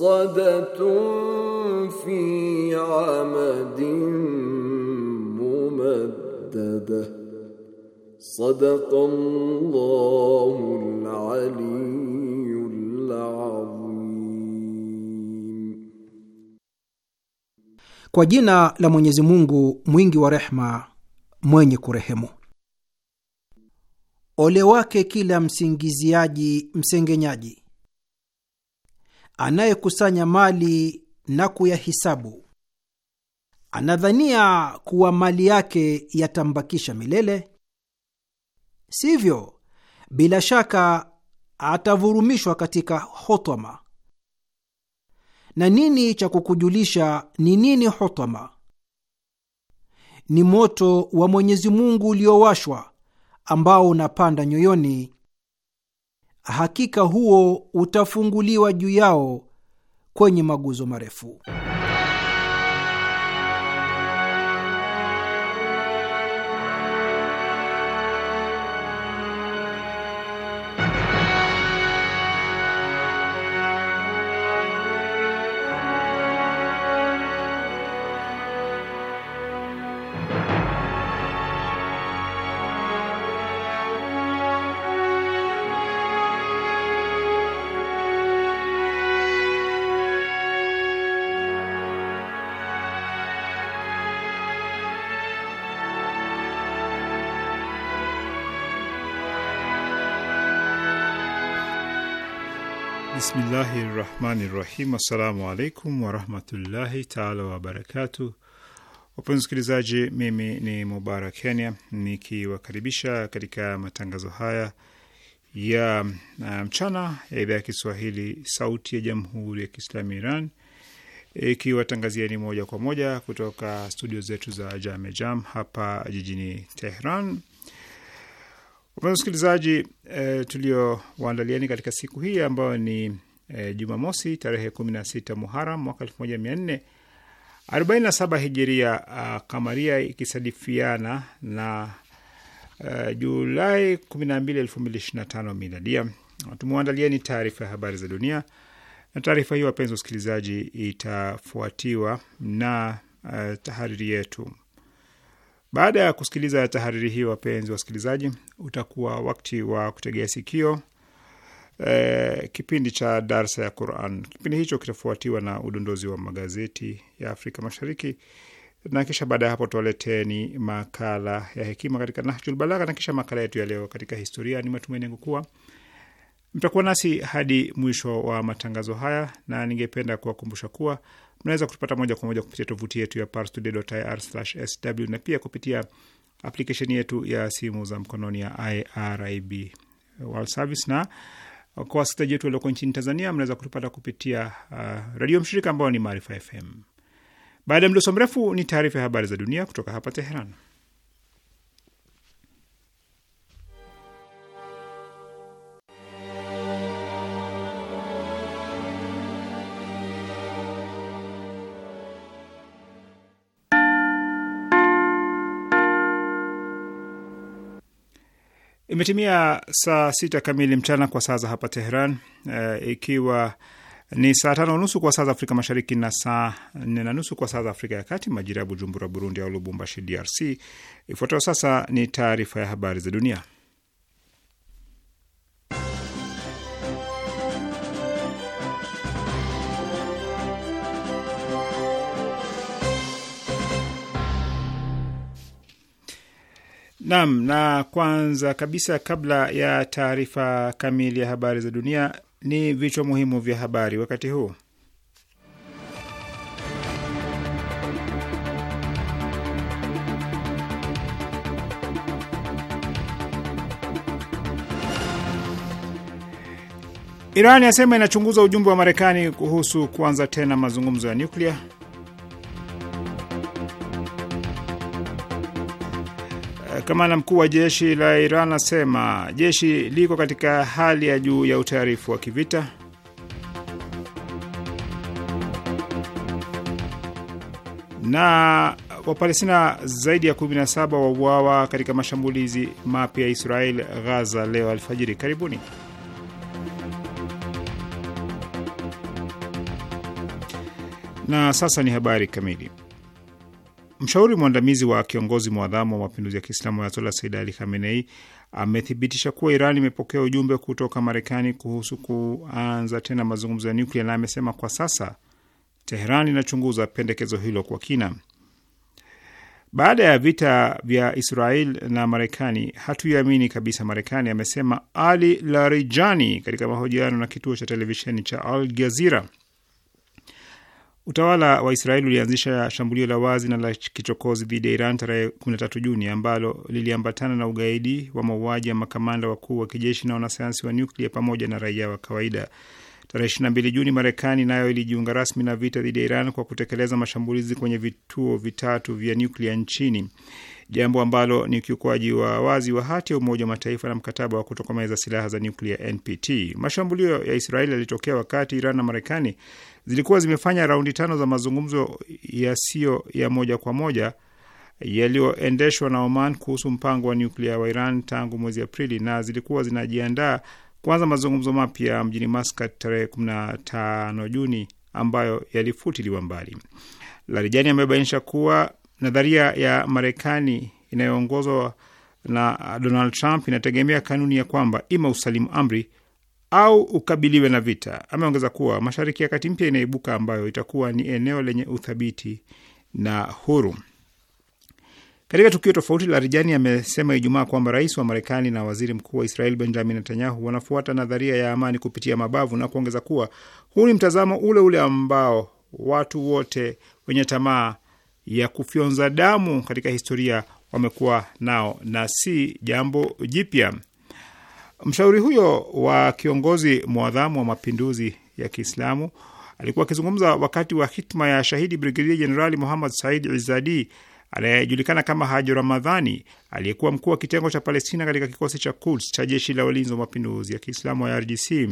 مرصدة في عمد ممددة صدق الله العلي العظيم Kwa jina la Mwenyezi Mungu mwingi wa rehma mwenye kurehemu. Ole wake kila msingiziaji msengenyaji anayekusanya mali na kuyahisabu, anadhania kuwa mali yake yatambakisha milele. Sivyo, bila shaka atavurumishwa katika hotoma. Na nini cha kukujulisha ni nini hotoma? Ni moto wa Mwenyezi Mungu uliowashwa ambao unapanda nyoyoni hakika huo utafunguliwa juu yao kwenye maguzo marefu. Bismillahi rahmani rahim. Assalamu alaikum warahmatullahi taala wabarakatu. Wapenzi msikilizaji, mimi ni Mubarak Kenya nikiwakaribisha katika matangazo haya ya uh, mchana ya idhaa ya Kiswahili sauti ya jamhuri ya Kiislamu Iran ikiwatangazia ni moja kwa moja kutoka studio zetu za Jamejam hapa jijini Tehran Wapenzi wasikilizaji, e, tuliowaandalieni katika siku hii ambayo ni e, Jumamosi tarehe kumi na sita Muharam mwaka elfu moja mia nne arobaini na saba hijiria a, ah, kamaria ikisadifiana na a, eh, Julai kumi na mbili elfu mbili ishirini na tano miladia. Tumewaandalieni taarifa ya habari za dunia na taarifa hiyo, wapenzi wasikilizaji, itafuatiwa na uh, tahariri yetu. Baada ya kusikiliza tahariri hii, wapenzi wasikilizaji, utakuwa wakati wa kutegea sikio e, kipindi cha darsa ya Quran. Kipindi hicho kitafuatiwa na udondozi wa magazeti ya Afrika Mashariki na kisha baada ya hapo tualeteni makala ya hekima katika Nahjul Balagha na kisha makala yetu ya leo katika historia. Ni matumaini yangu kuwa mtakuwa nasi hadi mwisho wa matangazo haya, na ningependa kuwakumbusha kuwa Mnaweza kutupata moja kwa moja kupitia tovuti yetu ya parstoday.ir/sw na pia kupitia aplikesheni yetu ya simu za mkononi ya IRIB World Service na kwa wasikilizaji wetu walioko nchini Tanzania mnaweza kutupata kupitia uh, redio mshirika ambayo ni Maarifa FM. Baada ya mdoso mrefu ni taarifa ya habari za dunia kutoka hapa Teheran. Imetimia saa sita kamili mchana kwa saa za hapa Teheran, uh, ikiwa ni saa tano nusu kwa saa za Afrika Mashariki na saa nne na nusu kwa saa za Afrika ya Kati, majira ya Bujumbura, Burundi, au Lubumbashi, DRC. Ifuatayo sasa ni taarifa ya habari za dunia. Naam, na kwanza kabisa kabla ya taarifa kamili ya habari za dunia ni vichwa muhimu vya habari wakati huu. Iran yasema inachunguza ujumbe wa Marekani kuhusu kuanza tena mazungumzo ya nyuklia. Kamanda mkuu wa jeshi la Iran anasema jeshi liko katika hali ya juu ya utayarifu wa kivita. Na Wapalestina zaidi ya 17 wauawa katika mashambulizi mapya ya Israel Ghaza leo alfajiri. Karibuni. Na sasa ni habari kamili. Mshauri mwandamizi wa kiongozi mwadhamu wa mapinduzi ya Kiislamu Ayatola Said Ali Khamenei amethibitisha kuwa Iran imepokea ujumbe kutoka Marekani kuhusu kuanza tena mazungumzo ya nuklia na amesema kwa sasa Teheran inachunguza pendekezo hilo kwa kina. Baada ya vita vya Israel na Marekani, hatuiamini kabisa Marekani, amesema Ali Larijani katika mahojiano na kituo cha televisheni cha Al Jazira. Utawala wa Israeli ulianzisha shambulio la wazi na la kichokozi dhidi ya Iran tarehe 13 Juni ambalo liliambatana na ugaidi wa mauaji ya makamanda wakuu wa kijeshi na wanasayansi wa nyuklia pamoja na raia wa kawaida. Tarehe 22 Juni, Marekani nayo ilijiunga rasmi na vita dhidi ya Iran kwa kutekeleza mashambulizi kwenye vituo vitatu vya nyuklia nchini jambo ambalo ni ukiukwaji wa wazi wa hati ya Umoja wa Mataifa na mkataba wa kutokomeza silaha za nyuklia NPT. Mashambulio ya Israeli yalitokea wakati Iran na Marekani zilikuwa zimefanya raundi tano za mazungumzo yasiyo ya moja kwa moja yaliyoendeshwa na Oman kuhusu mpango wa nyuklia wa Iran tangu mwezi Aprili, na zilikuwa zinajiandaa kuanza mazungumzo mapya mjini Maskat tarehe 15 Juni ambayo yalifutiliwa mbali. Larijani amebainisha kuwa Nadharia ya Marekani inayoongozwa na uh, Donald Trump inategemea kanuni ya kwamba ima usalimu amri au ukabiliwe na vita. Ameongeza kuwa Mashariki ya Kati mpya inaibuka, ambayo itakuwa ni eneo lenye uthabiti na huru. Katika tukio tofauti, Larijani amesema Ijumaa kwamba rais wa Marekani na waziri mkuu wa Israel Benjamin Netanyahu wanafuata nadharia ya amani kupitia mabavu, na kuongeza kuwa huu ni mtazamo ule ule ambao watu wote wenye tamaa ya kufyonza damu katika historia wamekuwa nao na si jambo jipya. Mshauri huyo wa kiongozi mwadhamu wa mapinduzi ya Kiislamu alikuwa akizungumza wakati wa hitma ya shahidi Brigedia Jenerali Muhammad Said Izadi anayejulikana kama Haji Ramadhani, aliyekuwa mkuu wa kitengo cha Palestina katika kikosi cha Quds cha jeshi la walinzi wa mapinduzi ya Kiislamu wa IRGC.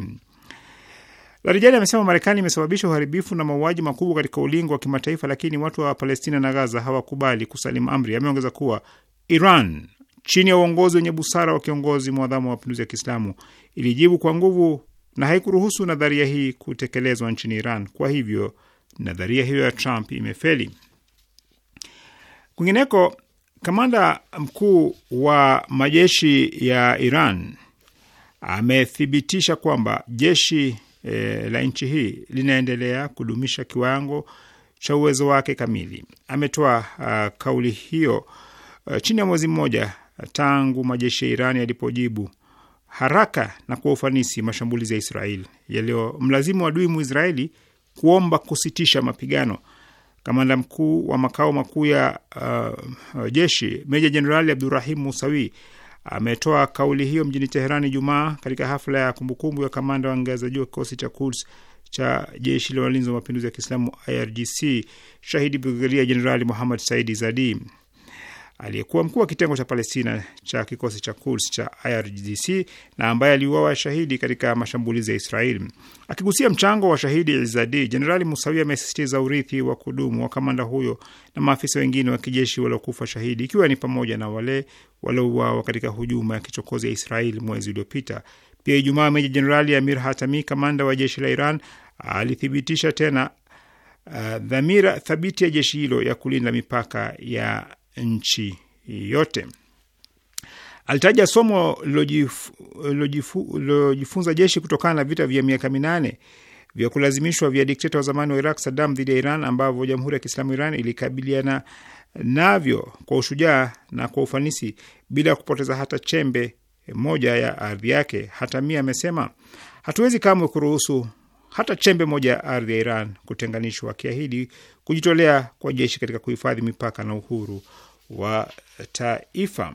Larijani amesema Marekani imesababisha uharibifu na mauaji makubwa katika ulingo wa kimataifa, lakini watu wa Palestina na Gaza hawakubali kusalimu amri. Ameongeza kuwa Iran chini ya uongozi wenye busara wa kiongozi mwadhamu wa mapinduzi ya Kiislamu ilijibu kwa nguvu na haikuruhusu nadharia hii kutekelezwa nchini Iran. Kwa hivyo nadharia hiyo ya Trump imefeli. Kwingineko, kamanda mkuu wa majeshi ya Iran amethibitisha kwamba jeshi e, la nchi hii linaendelea kudumisha kiwango cha uwezo wake kamili. Ametoa uh, kauli hiyo uh, chini ya mwezi mmoja tangu majeshi ya iran yalipojibu haraka na kwa ufanisi mashambulizi ya Israeli yaliyomlazimu adui Mwisraeli kuomba kusitisha mapigano. Kamanda mkuu wa makao makuu ya uh, uh jeshi Meja Jenerali Abdurahim Musawi ametoa kauli hiyo mjini teherani jumaa katika hafla ya kumbukumbu ya kamanda wa ngazi za juu wa kikosi cha Quds cha jeshi la walinzi wa mapinduzi ya Kiislamu IRGC shahidi brigadia jenerali Muhammad Saidi Zadi aliyekuwa mkuu wa kitengo cha Palestina cha kikosi cha Quds cha IRGC na ambaye aliuawa shahidi katika mashambulizi ya Israeli. Akigusia mchango wa shahidi Izadi, Jenerali Musawi amesisitiza urithi wa kudumu wa kamanda huyo na maafisa wengine wa kijeshi waliokufa shahidi, ikiwa ni pamoja na wale waliouawa katika hujuma ya kichokozi ya Israeli mwezi uliopita. Pia Ijumaa, Meja Jenerali Amir Hatami, kamanda wa jeshi la Iran, alithibitisha tena Uh, dhamira thabiti ya jeshi hilo ya kulinda mipaka ya nchi yote. Alitaja somo lilojifunza jeshi kutokana na vita vya miaka minane vya kulazimishwa vya dikteta wa zamani wa Iraq Saddam dhidi ya Iran ambavyo Jamhuri ya Kiislamu Iran ilikabiliana navyo kwa ushujaa na kwa ufanisi bila kupoteza hata chembe moja ya ardhi yake. Hatami amesema hatuwezi kamwe kuruhusu hata chembe moja ya ardhi ya Iran kutenganishwa, akiahidi kujitolea kwa jeshi katika kuhifadhi mipaka na uhuru wa taifa.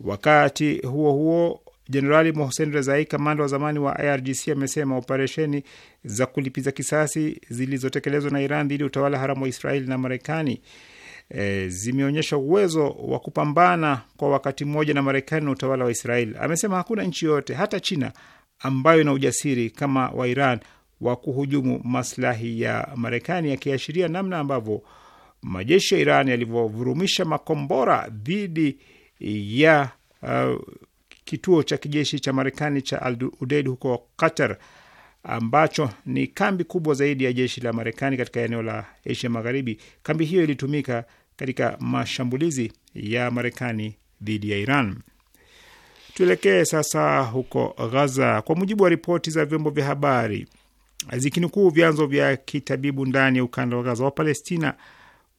Wakati huo huo, Jenerali Mohsen Rezai, kamanda wa zamani wa IRGC, amesema operesheni za kulipiza kisasi zilizotekelezwa na Iran dhidi ya utawala haramu wa Israeli na Marekani e, zimeonyesha uwezo wa kupambana kwa wakati mmoja na Marekani na utawala wa Israeli. Amesema hakuna nchi yoyote, hata China, ambayo ina ujasiri kama wa Iran wa kuhujumu maslahi ya Marekani, akiashiria namna ambavyo majeshi ya Iran yalivyovurumisha makombora dhidi ya uh, kituo cha kijeshi cha Marekani cha Al Udeid huko Qatar, ambacho ni kambi kubwa zaidi ya jeshi la Marekani katika eneo la Asia Magharibi. Kambi hiyo ilitumika katika mashambulizi ya Marekani dhidi ya Iran. Tuelekee sasa huko Ghaza. Kwa mujibu wa ripoti za vyombo vya habari zikinukuu vyanzo vya kitabibu ndani ya ukanda wa Gaza, Wapalestina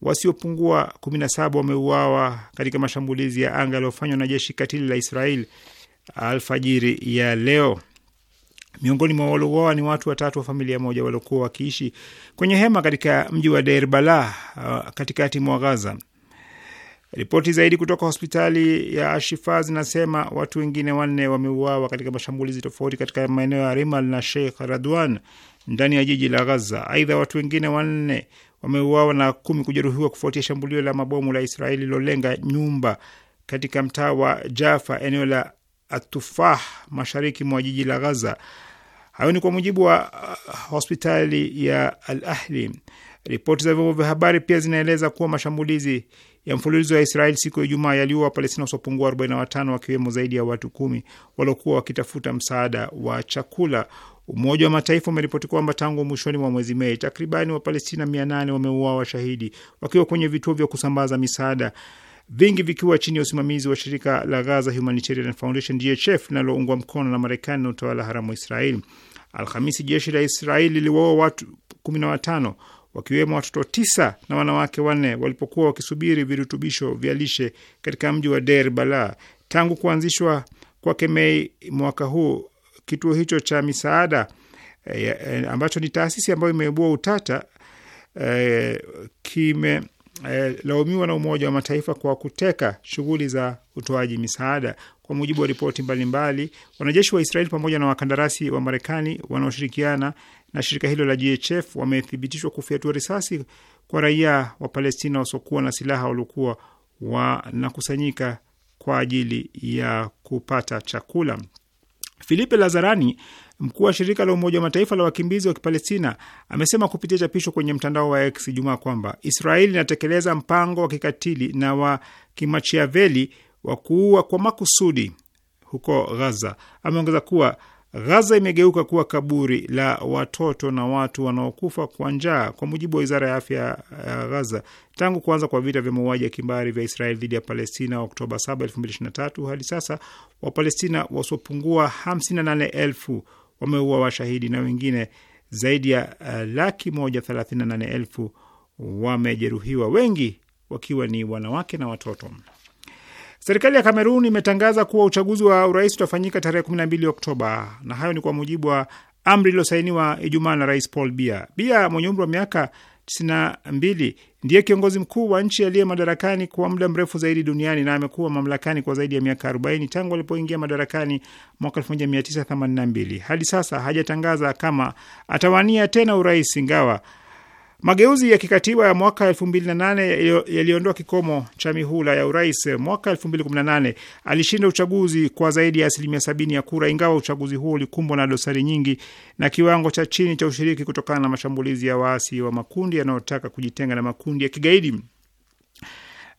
wasiopungua 17 wameuawa katika mashambulizi ya anga yaliyofanywa na jeshi katili la Israel alfajiri ya leo. Miongoni mwa waliouawa ni watu watatu wa familia moja waliokuwa wakiishi kwenye hema katika mji wa Deir uh, katikati mwa Gaza. Ripoti zaidi kutoka hospitali ya Ashifa zinasema watu wengine wanne wameuawa katika mashambulizi tofauti katika maeneo ya Rimal na Sheikh Radwan ndani ya jiji la Gaza. Aidha, watu wengine wanne wameuawa na kumi kujeruhiwa kufuatia shambulio la mabomu la Israeli lilolenga nyumba katika mtaa wa Jaffa, eneo la Atufah, mashariki mwa jiji la Gaza. Hayo ni kwa mujibu wa uh, hospitali ya Al Ahli. Ripoti za vyombo vya habari pia zinaeleza kuwa mashambulizi ya mfululizo wa Israeli siku ya Ijumaa yaliua Wapalestina wasiopungua 45 wakiwemo zaidi ya watu kumi waliokuwa wakitafuta msaada wa chakula. Umoja wa Mataifa umeripoti kwamba tangu mwishoni mwa mwezi Mei, takribani Wapalestina mia nane wameuawa washahidi wakiwa kwenye vituo vya kusambaza misaada, vingi vikiwa chini ya usimamizi wa shirika la Gaza Humanitarian Foundation linaloungwa mkono na Marekani na utawala haramu wa Israeli. Alhamisi jeshi la Israeli liliwaua watu 1wa wakiwemo watoto t na wanawake wanne walipokuwa wakisubiri virutubisho vya lishe katika mji wa Der Bala. Tangu kuanzishwa kwake Mei mwaka huu kituo hicho cha misaada e, ambacho ni taasisi ambayo imeibua utata e, kime e, laumiwa na Umoja wa Mataifa kwa kuteka shughuli za utoaji misaada. Kwa mujibu wa ripoti mbalimbali, wanajeshi wa Israeli pamoja na wakandarasi wa Marekani wanaoshirikiana na shirika hilo la GHF wamethibitishwa kufyatua risasi kwa raia wa Palestina wasiokuwa na silaha waliokuwa wanakusanyika kwa ajili ya kupata chakula. Filipe Lazarani, mkuu wa shirika la Umoja wa Mataifa la wakimbizi wa Kipalestina, amesema kupitia chapisho kwenye mtandao wa X Ijumaa kwamba Israeli inatekeleza mpango wa kikatili na wa kimachiaveli wa kuua kwa makusudi huko Gaza. Ameongeza kuwa Ghaza imegeuka kuwa kaburi la watoto na watu wanaokufa kwa njaa, kwa mujibu wa wizara ya afya ya Ghaza. Tangu kuanza kwa vita vya mauaji ya kimbari vya Israeli dhidi ya Palestina Oktoba 7, 2023 hadi sasa Wapalestina wasiopungua 58,000 wameua washahidi na wengine zaidi ya uh, laki moja thelathini na nane elfu wamejeruhiwa, wengi wakiwa ni wanawake na watoto. Serikali ya Kamerun imetangaza kuwa uchaguzi wa urais utafanyika tarehe 12 Oktoba, na hayo ni kwa mujibu wa amri iliyosainiwa Ijumaa na Rais Paul Bia. Bia mwenye umri wa miaka 92 ndiye kiongozi mkuu wa nchi aliye madarakani kwa muda mrefu zaidi duniani na amekuwa mamlakani kwa zaidi ya miaka 40 tangu alipoingia madarakani mwaka 1982. Hadi sasa hajatangaza kama atawania tena urais, ingawa Mageuzi ya kikatiba ya mwaka 2008 yaliondoa kikomo cha mihula ya urais. Mwaka 2018 alishinda uchaguzi kwa zaidi ya asilimia sabini ya kura, ingawa uchaguzi huo ulikumbwa na dosari nyingi na kiwango cha chini cha ushiriki kutokana na mashambulizi ya waasi wa makundi yanayotaka kujitenga na makundi ya kigaidi.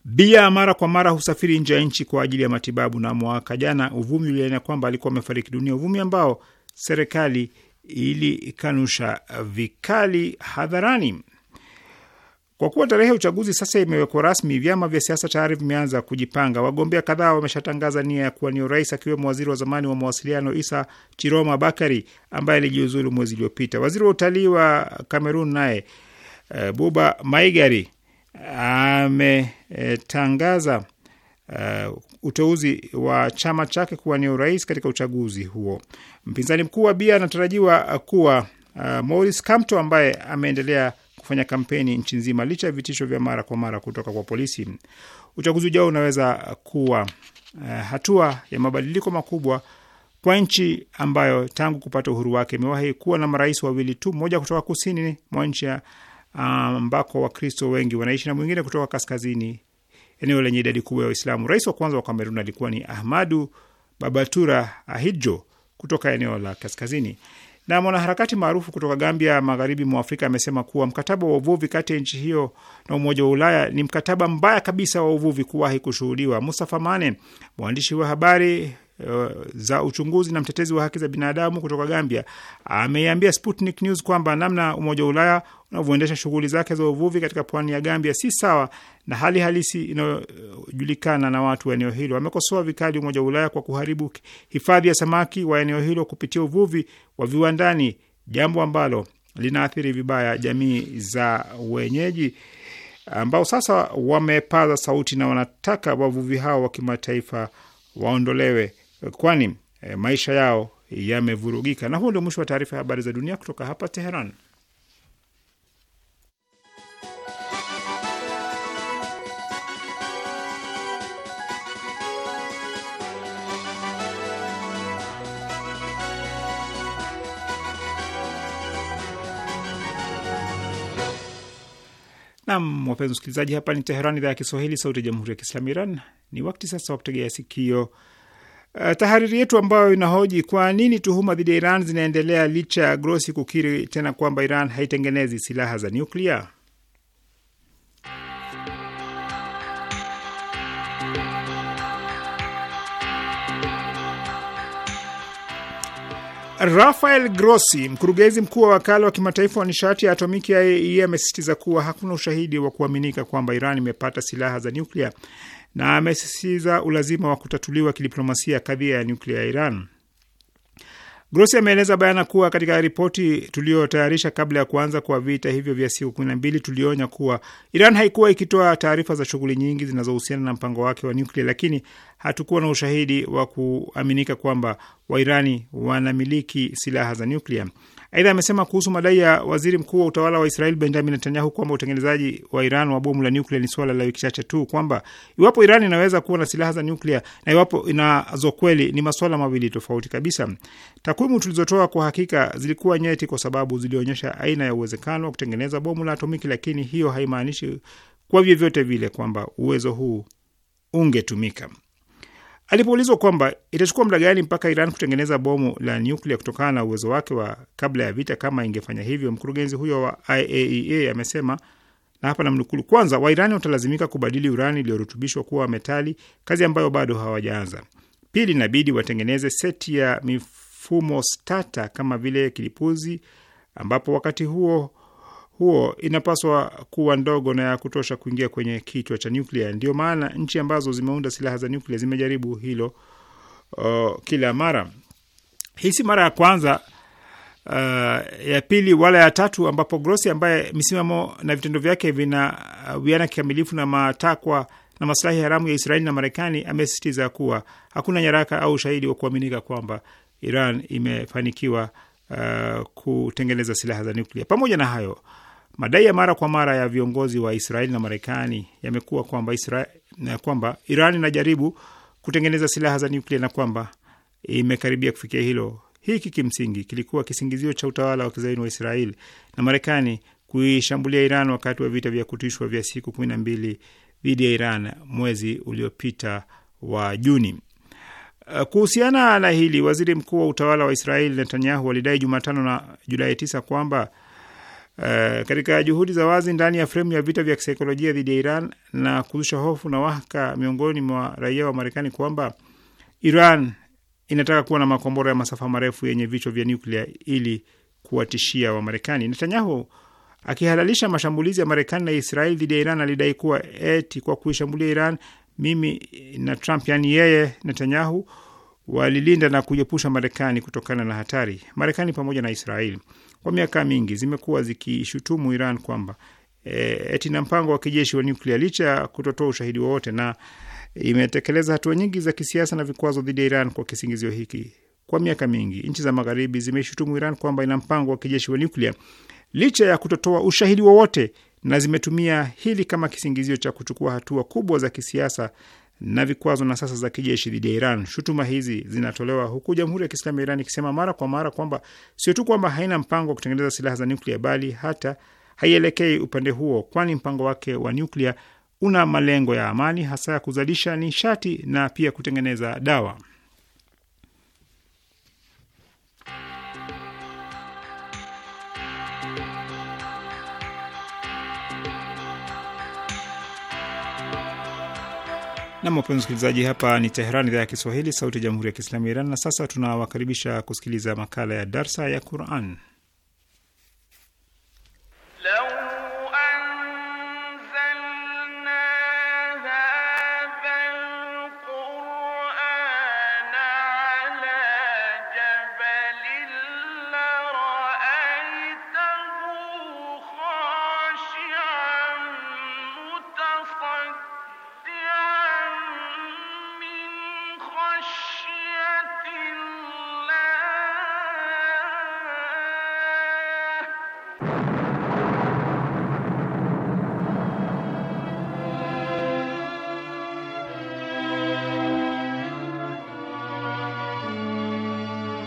Bia mara kwa mara husafiri nje ya nchi kwa ajili ya matibabu, na mwaka jana uvumi ulienea kwamba alikuwa amefariki dunia, uvumi ambao serikali ilikanusha vikali hadharani. Kwa kuwa tarehe ya uchaguzi sasa imewekwa rasmi, vyama vya siasa tayari vimeanza kujipanga. Wagombea kadhaa wameshatangaza nia ya kuwania urais, akiwemo waziri wa zamani wa mawasiliano Isa Chiroma Bakari ambaye alijiuzulu mwezi uliopita. Waziri wa utalii wa Kamerun naye e, Buba Maigari ametangaza e, uteuzi wa chama chake kuwania urais katika uchaguzi huo. Mpinzani mkuu wa Bia anatarajiwa kuwa uh, Maurice Kamto ambaye ameendelea kufanya kampeni nchi nzima licha ya vitisho vya mara kwa mara kutoka kwa polisi. Uchaguzi ujao unaweza kuwa uh, hatua ya mabadiliko makubwa kwa nchi ambayo tangu kupata uhuru wake imewahi kuwa na marais wawili tu, mmoja kutoka kusini mwa nchi ah, ambako um, Wakristo wengi wanaishi na mwingine kutoka kaskazini, eneo lenye idadi kubwa ya Waislamu. Rais wa kwanza wa Kamerun alikuwa ni Ahmadu Babatura Ahidjo kutoka eneo la kaskazini. Na mwanaharakati maarufu kutoka Gambia, magharibi mwa Afrika, amesema kuwa mkataba wa uvuvi kati ya nchi hiyo na Umoja wa Ulaya ni mkataba mbaya kabisa wa uvuvi kuwahi kushuhudiwa. Mustafa Mane, mwandishi wa habari Eh, za uchunguzi na mtetezi wa haki za binadamu kutoka Gambia ameiambia Sputnik News kwamba namna Umoja wa Ulaya unavyoendesha shughuli zake za uvuvi katika pwani ya Gambia si sawa na hali halisi inayojulikana na watu wa eneo hilo. Amekosoa vikali Umoja wa Ulaya kwa kuharibu hifadhi ya samaki wa eneo hilo kupitia uvuvi wa viwandani, jambo ambalo linaathiri vibaya jamii za wenyeji ambao sasa wamepaza sauti na wanataka wavuvi hao wa kimataifa waondolewe Eh, kwani eh, maisha yao yamevurugika. Na huo ndio mwisho wa taarifa ya habari za dunia kutoka hapa Teheran. Nam, wapenzi msikilizaji, hapa ni teheran idhaa ya Kiswahili, sauti ya jamhuri ya kiislamu Iran. Ni wakati sasa wa kutegea sikio Uh, tahariri yetu ambayo inahoji kwa nini tuhuma dhidi ya Iran zinaendelea licha ya Grossi kukiri tena kwamba Iran haitengenezi silaha za nyuklia. Rafael Grossi, mkurugenzi mkuu wa wakala wa kimataifa wa nishati ya atomiki ya IAEA, e, amesisitiza kuwa hakuna ushahidi wa kuaminika kwamba Iran imepata silaha za nyuklia na amesisitiza ulazima wa kutatuliwa kidiplomasia kadhia ya nyuklia ya Iran. Grossi ameeleza bayana kuwa katika ripoti tuliyotayarisha kabla ya kuanza kwa vita hivyo vya siku kumi na mbili tulionya kuwa Iran haikuwa ikitoa taarifa za shughuli nyingi zinazohusiana na mpango wake wa nyuklia, lakini hatukuwa na ushahidi wa kuaminika kwamba Wairani wanamiliki silaha za nyuklia. Aidha amesema kuhusu madai ya waziri mkuu wa utawala wa Israel Benjamin Netanyahu kwamba utengenezaji wa Iran wa bomu la nyuklia ni suala la wiki chache tu, kwamba iwapo Iran inaweza kuwa na silaha za nyuklia na iwapo inazo kweli ni masuala mawili tofauti kabisa. Takwimu tulizotoa kwa hakika zilikuwa nyeti, kwa sababu zilionyesha aina ya uwezekano wa kutengeneza bomu la atomiki, lakini hiyo haimaanishi kwa vyovyote vile kwamba uwezo huu ungetumika. Alipoulizwa kwamba itachukua muda gani mpaka Iran kutengeneza bomu la nyuklia kutokana na uwezo wake wa kabla ya vita kama ingefanya hivyo, mkurugenzi huyo wa IAEA e amesema na hapa namnukulu: kwanza, Wairani watalazimika kubadili urani iliyorutubishwa kuwa metali, kazi ambayo bado hawajaanza. Pili, inabidi watengeneze seti ya mifumo stata kama vile kilipuzi, ambapo wakati huo huo inapaswa kuwa ndogo na ya kutosha kuingia kwenye kichwa cha nyuklia. Ndio maana nchi ambazo zimeunda silaha za nyuklia zimejaribu hilo uh, kila mara. Hii si mara ya kwanza uh, ya pili wala ya tatu ambapo Grossi ambaye misimamo na vitendo vyake vinawiana uh, kikamilifu na matakwa na masilahi haramu ya Israeli na Marekani amesisitiza kuwa hakuna nyaraka au ushahidi wa kuaminika kwamba Iran imefanikiwa uh, kutengeneza silaha za nuklia Pamoja na hayo Madai ya mara kwa mara ya viongozi wa Israeli na Marekani yamekuwa kwamba Israeli kwamba Iran inajaribu kutengeneza silaha za nyuklia na kwamba imekaribia kufikia hilo. Hiki kimsingi kilikuwa kisingizio cha utawala wa kizaini wa Israeli na Marekani kuishambulia Iran wakati wa vita vya kutishwa vya siku kumi na mbili dhidi ya Iran mwezi uliopita wa Juni. Uh, kuhusiana na hili, waziri mkuu wa utawala wa Israeli Netanyahu alidai Jumatano na Julai 9 kwamba Uh, katika juhudi za wazi ndani ya fremu ya vita vya kisaikolojia dhidi ya Iran na kuzusha hofu na wahaka miongoni mwa raia wa Marekani kwamba Iran inataka kuwa na makombora ya masafa marefu yenye vichwa vya nyuklia ili kuwatishia Wamarekani. Netanyahu akihalalisha mashambulizi ya Marekani na Israeli dhidi ya Iran alidai kuwa eti kwa kuishambulia Iran mimi na Trump, yani yeye Netanyahu, walilinda na kuiepusha Marekani kutokana na hatari. Marekani pamoja na Israeli kwa miaka mingi zimekuwa zikishutumu Iran kwamba e, eti na mpango wa kijeshi wa nuklia licha ya kutotoa ushahidi wowote, na imetekeleza hatua nyingi za kisiasa na vikwazo dhidi ya Iran kwa kisingizio hiki. Kwa miaka mingi nchi za Magharibi zimeshutumu Iran kwamba ina mpango wa kijeshi wa nuklia licha ya kutotoa ushahidi wowote, na zimetumia hili kama kisingizio cha kuchukua hatua kubwa za kisiasa na vikwazo na sasa za kijeshi dhidi ya Iran. Shutuma hizi zinatolewa huku Jamhuri ya Kiislamu ya Iran ikisema mara kwa mara kwamba sio tu kwamba haina mpango wa kutengeneza silaha za nyuklia, bali hata haielekei upande huo, kwani mpango wake wa nyuklia una malengo ya amani, hasa ya kuzalisha nishati na pia kutengeneza dawa. Na wapenzi msikilizaji, hapa ni Teheran, idhaa ya Kiswahili, sauti ya jamhuri ya kiislamu ya Iran. Na sasa tunawakaribisha kusikiliza makala ya darsa ya Quran.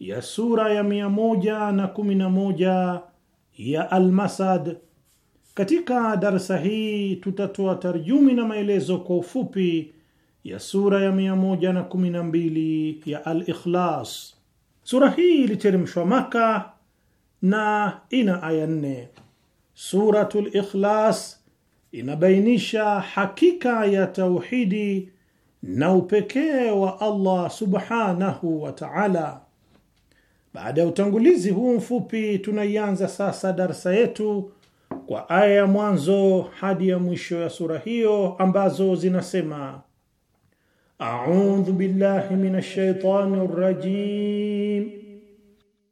ya sura ya mia moja na kumi na moja ya Almasad. Katika darsa hii tutatoa tarjumi na maelezo kwa ufupi ya sura ya mia moja na kumi na mbili ya alikhlas Sura hii iliteremshwa Maka na ina aya nne. Suratul Ikhlas inabainisha hakika ya tauhidi na upekee wa Allah subhanahu wa ta'ala. Baada ya utangulizi huu mfupi, tunaianza sasa darsa yetu kwa aya ya mwanzo hadi ya mwisho ya sura hiyo ambazo zinasema: audhu billahi minash shaitani rajim,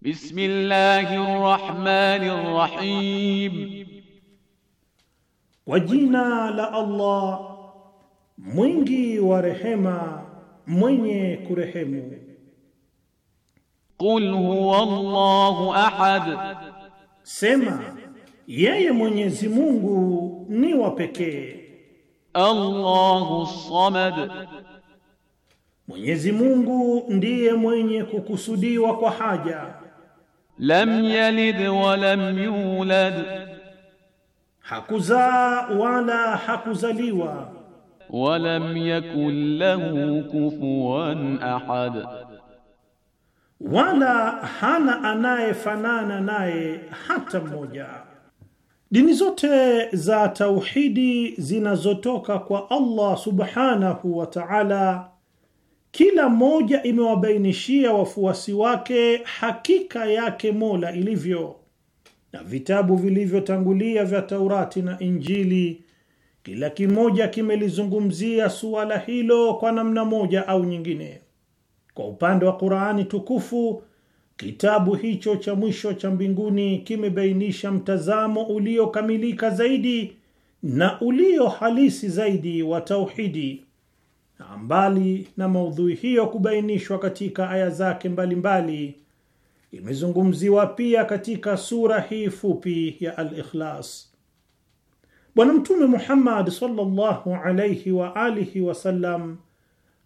bismillahi rahmani rahim, kwa jina la Allah mwingi wa rehema mwenye kurehemu. Qul huwa Allahu ahad, sema yeye Mwenyezi Mungu ni wa pekee. Allahu samad, Mwenyezi Mungu ndiye mwenye kukusudiwa kwa haja. Lam yalid wa lam yulad, hakuzaa wala hakuzaliwa. Walam yakun lahu kufuwan ahad wala hana anayefanana naye hata mmoja. Dini zote za tauhidi zinazotoka kwa Allah subhanahu wa ta'ala, kila mmoja imewabainishia wafuasi wake hakika yake Mola ilivyo, na vitabu vilivyotangulia vya Taurati na Injili kila kimoja kimelizungumzia suala hilo kwa namna moja au nyingine. Kwa upande wa Qur'ani tukufu, kitabu hicho cha mwisho cha mbinguni kimebainisha mtazamo uliokamilika zaidi na ulio halisi zaidi wa tauhidi. Mbali na maudhui hiyo kubainishwa katika aya zake mbalimbali, imezungumziwa pia katika sura hii fupi ya Al-Ikhlas. Bwana Mtume Muhammad sallallahu alayhi wa alihi wasallam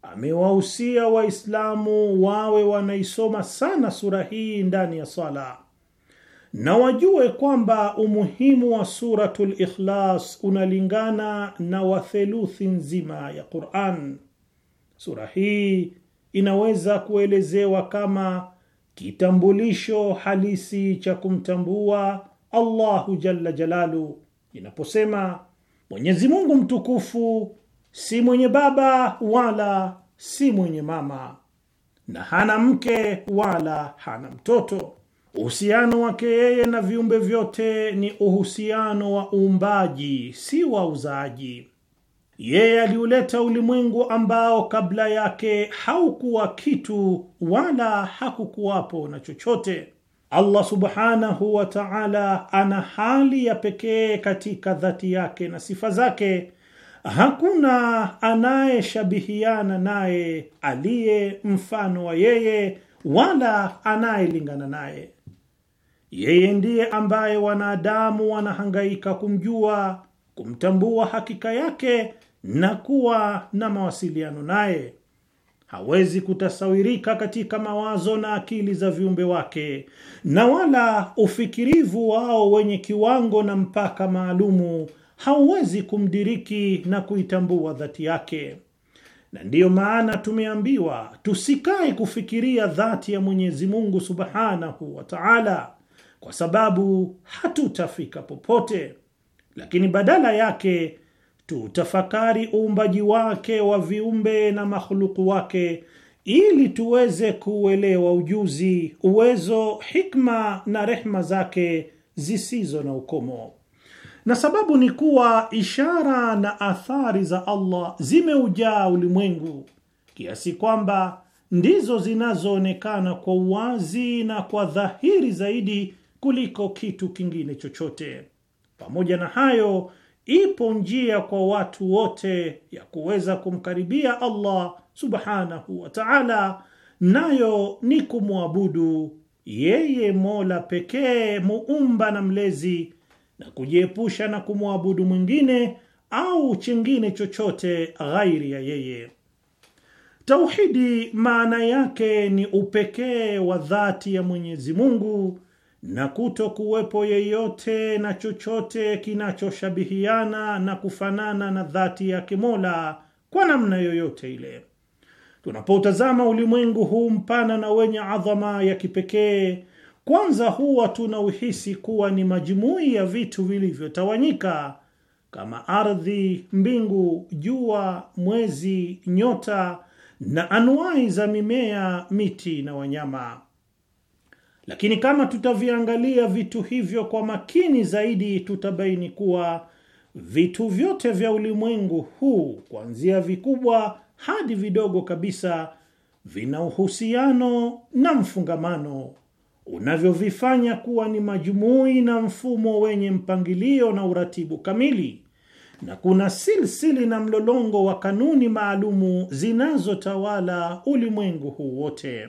amewahusia Waislamu wawe wanaisoma sana sura hii ndani ya sala na wajue kwamba umuhimu wa Suratul Ikhlas unalingana na watheluthi nzima ya Quran. Sura hii inaweza kuelezewa kama kitambulisho halisi cha kumtambua Allahu jalla jalalu. Inaposema Mwenyezi Mungu mtukufu si mwenye baba wala si mwenye mama, na hana mke wala hana mtoto. Uhusiano wake yeye na viumbe vyote ni uhusiano wa uumbaji, si wa uzaaji. Yeye aliuleta ulimwengu ambao kabla yake haukuwa kitu wala hakukuwapo na chochote. Allah subhanahu wa ta'ala ana hali ya pekee katika dhati yake na sifa zake hakuna anayeshabihiana naye aliye mfano wa yeye wala anayelingana naye. Yeye ndiye ambaye wanadamu wanahangaika kumjua, kumtambua hakika yake na kuwa na mawasiliano naye. Hawezi kutasawirika katika mawazo na akili za viumbe wake, na wala ufikirivu wao wenye kiwango na mpaka maalumu hauwezi kumdiriki na kuitambua dhati yake. Na ndiyo maana tumeambiwa tusikae kufikiria dhati ya Mwenyezi Mungu Subhanahu wa Ta'ala, kwa sababu hatutafika popote, lakini badala yake tutafakari uumbaji wake wa viumbe na makhluku wake ili tuweze kuuelewa ujuzi, uwezo, hikma na rehma zake zisizo na ukomo na sababu ni kuwa ishara na athari za Allah zimeujaa ulimwengu kiasi kwamba ndizo zinazoonekana kwa uwazi na kwa dhahiri zaidi kuliko kitu kingine chochote. Pamoja na hayo, ipo njia kwa watu wote ya kuweza kumkaribia Allah subhanahu wa ta'ala, nayo ni kumwabudu yeye Mola pekee, muumba na mlezi na kujiepusha na kumwabudu mwingine au chingine chochote ghairi ya yeye. Tauhidi maana yake ni upekee wa dhati ya Mwenyezi Mungu na kuto kuwepo yeyote na chochote kinachoshabihiana na kufanana na dhati yake Mola kwa namna yoyote ile. Tunapoutazama ulimwengu huu mpana na wenye adhama ya kipekee kwanza huwa tunauhisi kuwa ni majumui ya vitu vilivyotawanyika kama ardhi, mbingu, jua, mwezi, nyota na anuai za mimea, miti na wanyama. Lakini kama tutaviangalia vitu hivyo kwa makini zaidi, tutabaini kuwa vitu vyote vya ulimwengu huu, kuanzia vikubwa hadi vidogo kabisa, vina uhusiano na mfungamano unavyovifanya kuwa ni majumui na mfumo wenye mpangilio na uratibu kamili, na kuna silsili na mlolongo wa kanuni maalumu zinazotawala ulimwengu huu wote.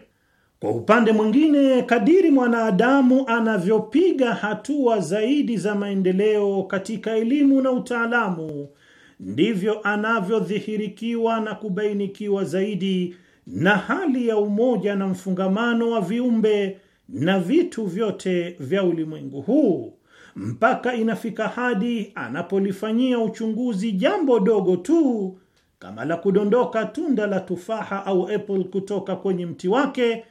Kwa upande mwingine, kadiri mwanadamu anavyopiga hatua zaidi za maendeleo katika elimu na utaalamu, ndivyo anavyodhihirikiwa na kubainikiwa zaidi na hali ya umoja na mfungamano wa viumbe na vitu vyote vya ulimwengu huu mpaka inafika hadi anapolifanyia uchunguzi jambo dogo tu kama la kudondoka tunda la tufaha au apple kutoka kwenye mti wake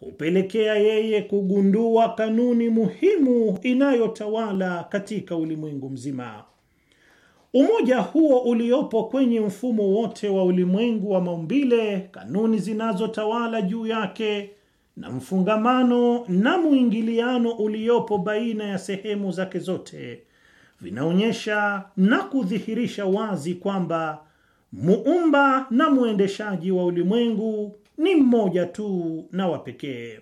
hupelekea yeye kugundua kanuni muhimu inayotawala katika ulimwengu mzima. Umoja huo uliopo kwenye mfumo wote wa ulimwengu wa maumbile, kanuni zinazotawala juu yake na mfungamano na mwingiliano uliopo baina ya sehemu zake zote vinaonyesha na kudhihirisha wazi kwamba muumba na mwendeshaji wa ulimwengu ni mmoja tu na wa pekee.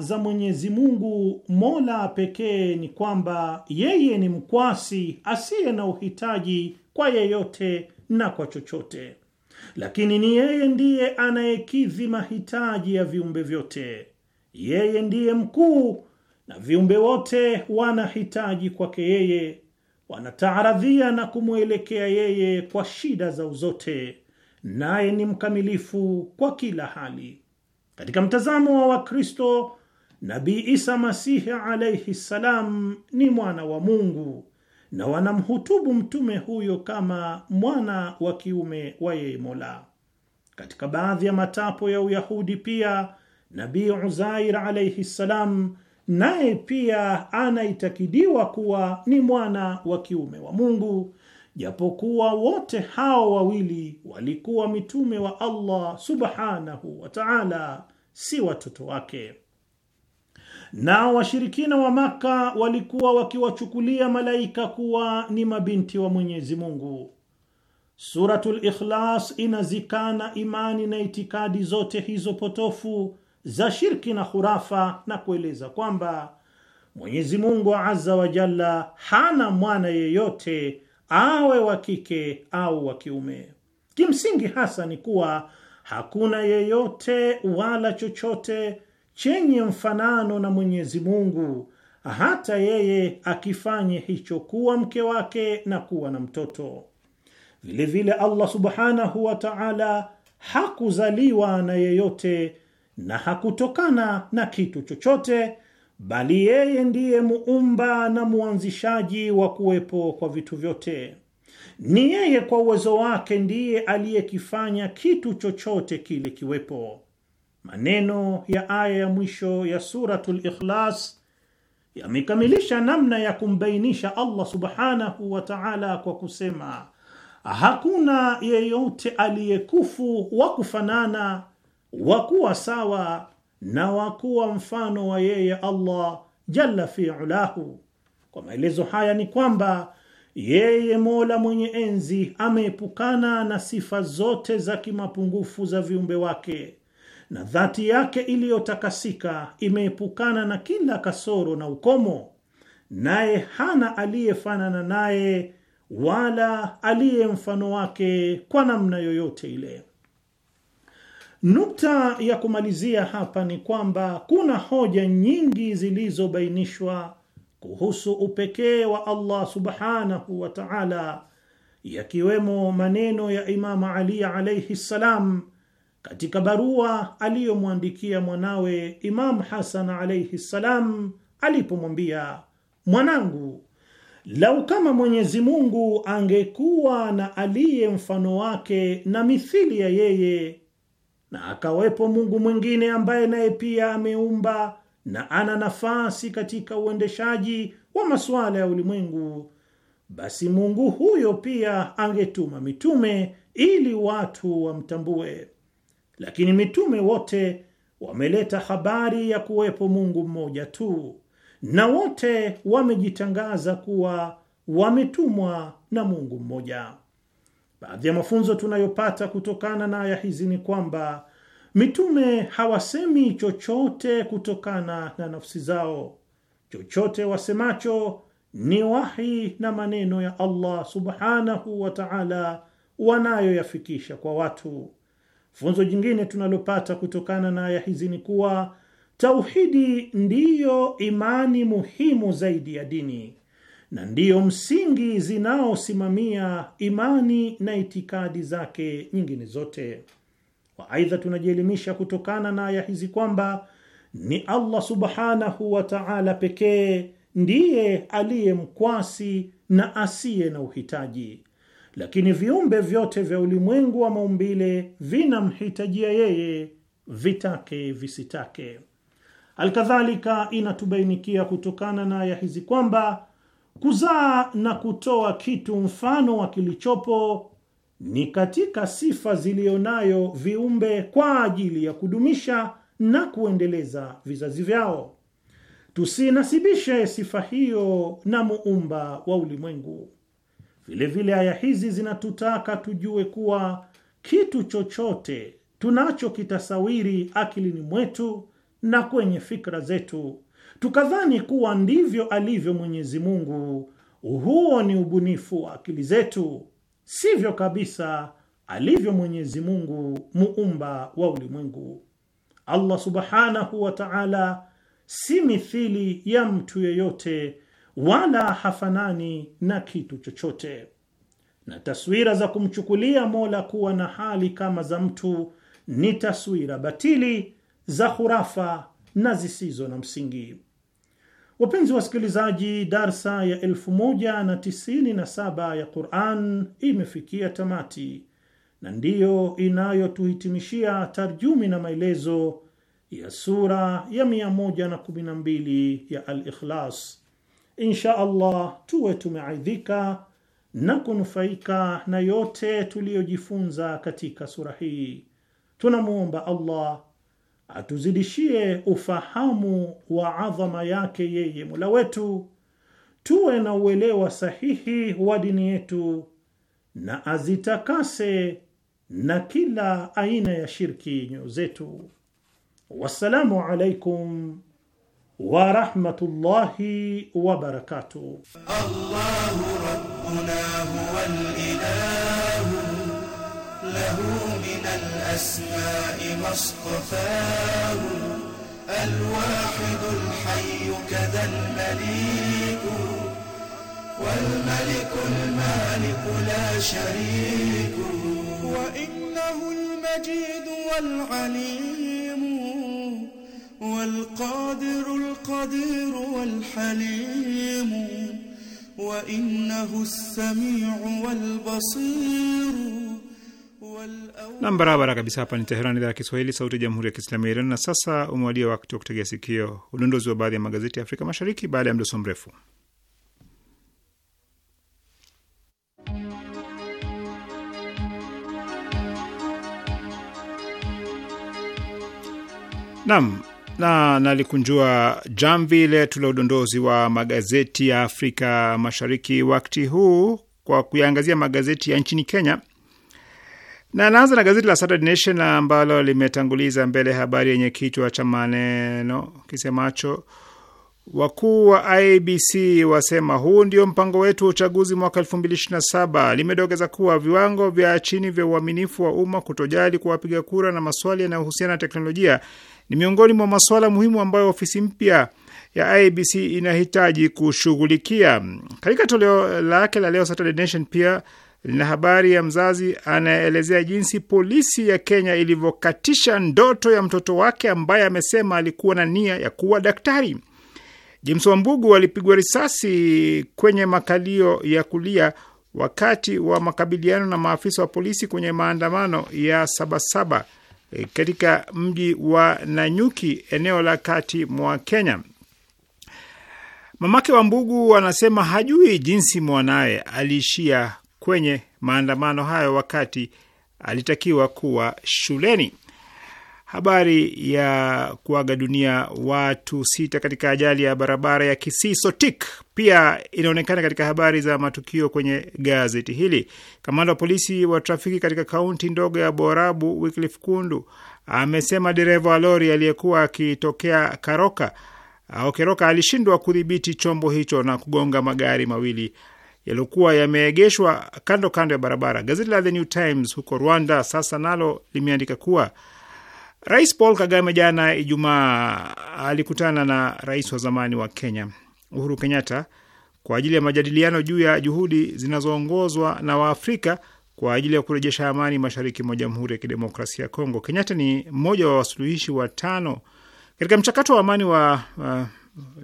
za Mwenyezi Mungu Mola pekee ni kwamba yeye ni mkwasi asiye na uhitaji kwa yeyote na kwa chochote, lakini ni yeye ndiye anayekidhi mahitaji ya viumbe vyote. Yeye ndiye mkuu na viumbe wote wanahitaji kwake yeye, wanataaradhia na kumwelekea yeye kwa shida zao zote, naye ni mkamilifu kwa kila hali. Katika mtazamo wa Wakristo Nabii Isa Masihi alaihi ssalam ni mwana wa Mungu na wanamhutubu mtume huyo kama mwana wa kiume wa yeye Mola. Katika baadhi ya matapo ya Uyahudi pia Nabii Uzair alaihi ssalam naye pia anaitakidiwa kuwa ni mwana wa kiume wa Mungu, japokuwa wote hao wawili walikuwa mitume wa Allah subhanahu wa taala, si watoto wake. Nao washirikina wa Maka walikuwa wakiwachukulia malaika kuwa ni mabinti wa Mwenyezi Mungu. Suratul Ikhlas inazikana imani na itikadi zote hizo potofu za shirki na khurafa na kueleza kwamba Mwenyezi Mungu Azza wa Jalla hana mwana yeyote awe wa kike au wa kiume. Kimsingi hasa ni kuwa hakuna yeyote wala chochote chenye mfanano na Mwenyezi Mungu, hata yeye akifanye hicho kuwa mke wake na kuwa na mtoto. Vilevile Allah subhanahu wa ta'ala hakuzaliwa na yeyote na hakutokana na kitu chochote, bali yeye ndiye muumba na muanzishaji wa kuwepo kwa vitu vyote. Ni yeye kwa uwezo wake ndiye aliyekifanya kitu chochote kile kiwepo. Maneno ya aya ya mwisho ya Suratul Ikhlas yamekamilisha namna ya kumbainisha Allah subhanahu wa ta'ala kwa kusema, hakuna yeyote aliyekufu wa kufanana wa kuwa sawa na wa kuwa mfano wa yeye Allah jalla fiulahu. Kwa maelezo haya ni kwamba yeye Mola mwenye enzi ameepukana na sifa zote za kimapungufu za viumbe wake na dhati yake iliyotakasika imeepukana na kila kasoro na ukomo, naye hana aliyefanana naye wala aliye mfano wake kwa namna yoyote ile. Nukta ya kumalizia hapa ni kwamba kuna hoja nyingi zilizobainishwa kuhusu upekee wa Allah subhanahu wa ta'ala, yakiwemo maneno ya imamu Ali alayhi salam katika barua aliyomwandikia mwanawe Imam Hasan alaihi ssalam, alipomwambia mwanangu, lau kama Mwenyezi Mungu angekuwa na aliye mfano wake na mithili ya yeye na akawepo Mungu mwingine ambaye naye pia ameumba na ana nafasi katika uendeshaji wa masuala ya ulimwengu, basi Mungu huyo pia angetuma mitume ili watu wamtambue lakini mitume wote wameleta habari ya kuwepo Mungu mmoja tu, na wote wamejitangaza kuwa wametumwa na Mungu mmoja. Baadhi ya mafunzo tunayopata kutokana na aya hizi ni kwamba mitume hawasemi chochote kutokana na nafsi zao. Chochote wasemacho ni wahi na maneno ya Allah subhanahu wa ta'ala wanayoyafikisha kwa watu. Funzo jingine tunalopata kutokana na aya hizi ni kuwa tauhidi ndiyo imani muhimu zaidi ya dini na ndiyo msingi zinaosimamia imani na itikadi zake nyingine zote. Wa aidha, tunajielimisha kutokana na aya hizi kwamba ni Allah subhanahu wa ta'ala pekee ndiye aliye mkwasi na asiye na uhitaji lakini viumbe vyote vya ulimwengu wa maumbile vinamhitajia yeye, vitake visitake. Alkadhalika, inatubainikia kutokana na aya hizi kwamba kuzaa na kutoa kitu mfano wa kilichopo ni katika sifa zilionayo viumbe kwa ajili ya kudumisha na kuendeleza vizazi vyao. Tusinasibishe sifa hiyo na muumba wa ulimwengu. Vilevile aya hizi zinatutaka tujue kuwa kitu chochote tunachokitasawiri akilini mwetu na kwenye fikra zetu tukadhani kuwa ndivyo alivyo Mwenyezi Mungu, huo ni ubunifu wa akili zetu. Sivyo kabisa alivyo Mwenyezi Mungu, muumba wa ulimwengu. Allah subhanahu wa ta'ala si mithili ya mtu yeyote wala hafanani na kitu chochote, na taswira za kumchukulia Mola kuwa na hali kama za mtu ni taswira batili za hurafa na zisizo na msingi. Wapenzi wasikilizaji, darsa ya 1097 ya Quran imefikia tamati na ndiyo inayotuhitimishia tarjumi na maelezo ya sura ya 112 ya Al-Ikhlas insha Allah tuwe tumeaidhika na kunufaika na yote tuliyojifunza katika sura hii. Tunamuomba Allah atuzidishie ufahamu wa adhama yake yeye Mola wetu, tuwe na uelewa sahihi wa dini yetu na azitakase na kila aina ya shirki nyoyo zetu. Wassalamu alaikum ورحمة الله وبركاته الله ربنا هو الإله له من الأسماء ما اصطفاه الواحد الحي كذا المليك والملك المالك لا شريك وإنه المجيد والعليم والقادر القدير والحليم وإنه السميع والبصير nam barabara kabisa. Hapa ni Teherani, idhaa ya Kiswahili, sauti ya jamhuri ya kiislamu ya Iran. Na sasa umewadia wakati wa kutegea sikio udondozi wa baadhi ya magazeti ya Afrika Mashariki baada ya mdoso mrefu. Nam na nalikunjua jamvi letu la udondozi wa magazeti ya Afrika Mashariki wakati huu kwa kuyaangazia magazeti ya nchini Kenya, na naanza na gazeti la Saturday Nation ambalo limetanguliza mbele habari yenye kichwa cha maneno kisemacho wakuu wa IBC wasema huu ndio mpango wetu wa uchaguzi mwaka 2027. Limedokeza kuwa viwango vya chini vya uaminifu wa umma, kutojali kwa wapiga kura na maswali yanayohusiana na teknolojia ni miongoni mwa masuala muhimu ambayo ofisi mpya ya IBC inahitaji kushughulikia. Katika toleo lake la leo, Saturday Nation pia lina habari ya mzazi anayeelezea jinsi polisi ya Kenya ilivyokatisha ndoto ya mtoto wake ambaye amesema alikuwa na nia ya kuwa daktari. James Wambugu alipigwa risasi kwenye makalio ya kulia wakati wa makabiliano na maafisa wa polisi kwenye maandamano ya Sabasaba E, katika mji wa Nanyuki, eneo la kati mwa Kenya. Mamake wa Mbugu anasema hajui jinsi mwanaye aliishia kwenye maandamano hayo wakati alitakiwa kuwa shuleni habari ya kuaga dunia watu sita katika ajali ya barabara ya Kisii pia inaonekana katika habari za matukio kwenye gazeti hili. Kamanda wa polisi wa trafiki katika kaunti ndogo ya Borabu, Wycliffe Kundu, amesema dereva wa lori aliyekuwa akitokea Karoka Okeroka alishindwa kudhibiti chombo hicho na kugonga magari mawili yaliyokuwa yameegeshwa kando kando ya barabara. Gazeti la The New Times huko Rwanda sasa nalo limeandika kuwa Rais Paul Kagame jana Ijumaa alikutana na rais wa zamani wa Kenya Uhuru Kenyatta kwa ajili ya majadiliano juu ya juhudi zinazoongozwa na Waafrika kwa ajili ya kurejesha amani mashariki mwa Jamhuri ya Kidemokrasia ya Kongo. Kenyatta ni mmoja wa wasuluhishi watano katika mchakato wa amani wa uh,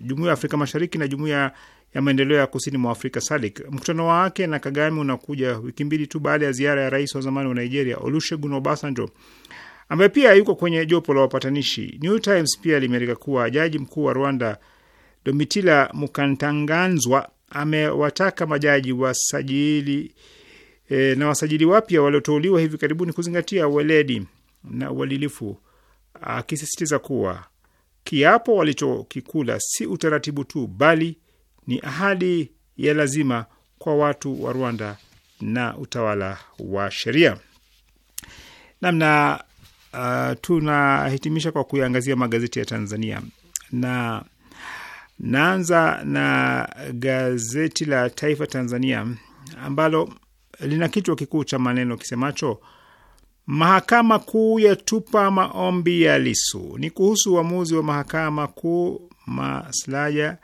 Jumuiya ya Afrika Mashariki na Jumuiya ya Maendeleo ya Kusini mwa Afrika SADC. Mkutano wake na Kagame unakuja wiki mbili tu baada ya ziara ya rais wa zamani wa Nigeria Olusegun Obasanjo ambaye pia yuko kwenye jopo la wapatanishi. New Times pia limeandika kuwa jaji mkuu wa Rwanda Domitila Mukantanganzwa amewataka majaji wasajili e, na wasajili wapya walioteuliwa hivi karibuni kuzingatia weledi na uadilifu, akisisitiza kuwa kiapo walichokikula si utaratibu tu, bali ni ahadi ya lazima kwa watu wa Rwanda na utawala wa sheria namna uh, tunahitimisha kwa kuiangazia magazeti ya Tanzania na naanza na gazeti la Taifa Tanzania ambalo lina kichwa kikuu cha maneno kisemacho Mahakama Kuu yatupa maombi ya Lisu. Ni kuhusu uamuzi wa Mahakama Kuu Maslaja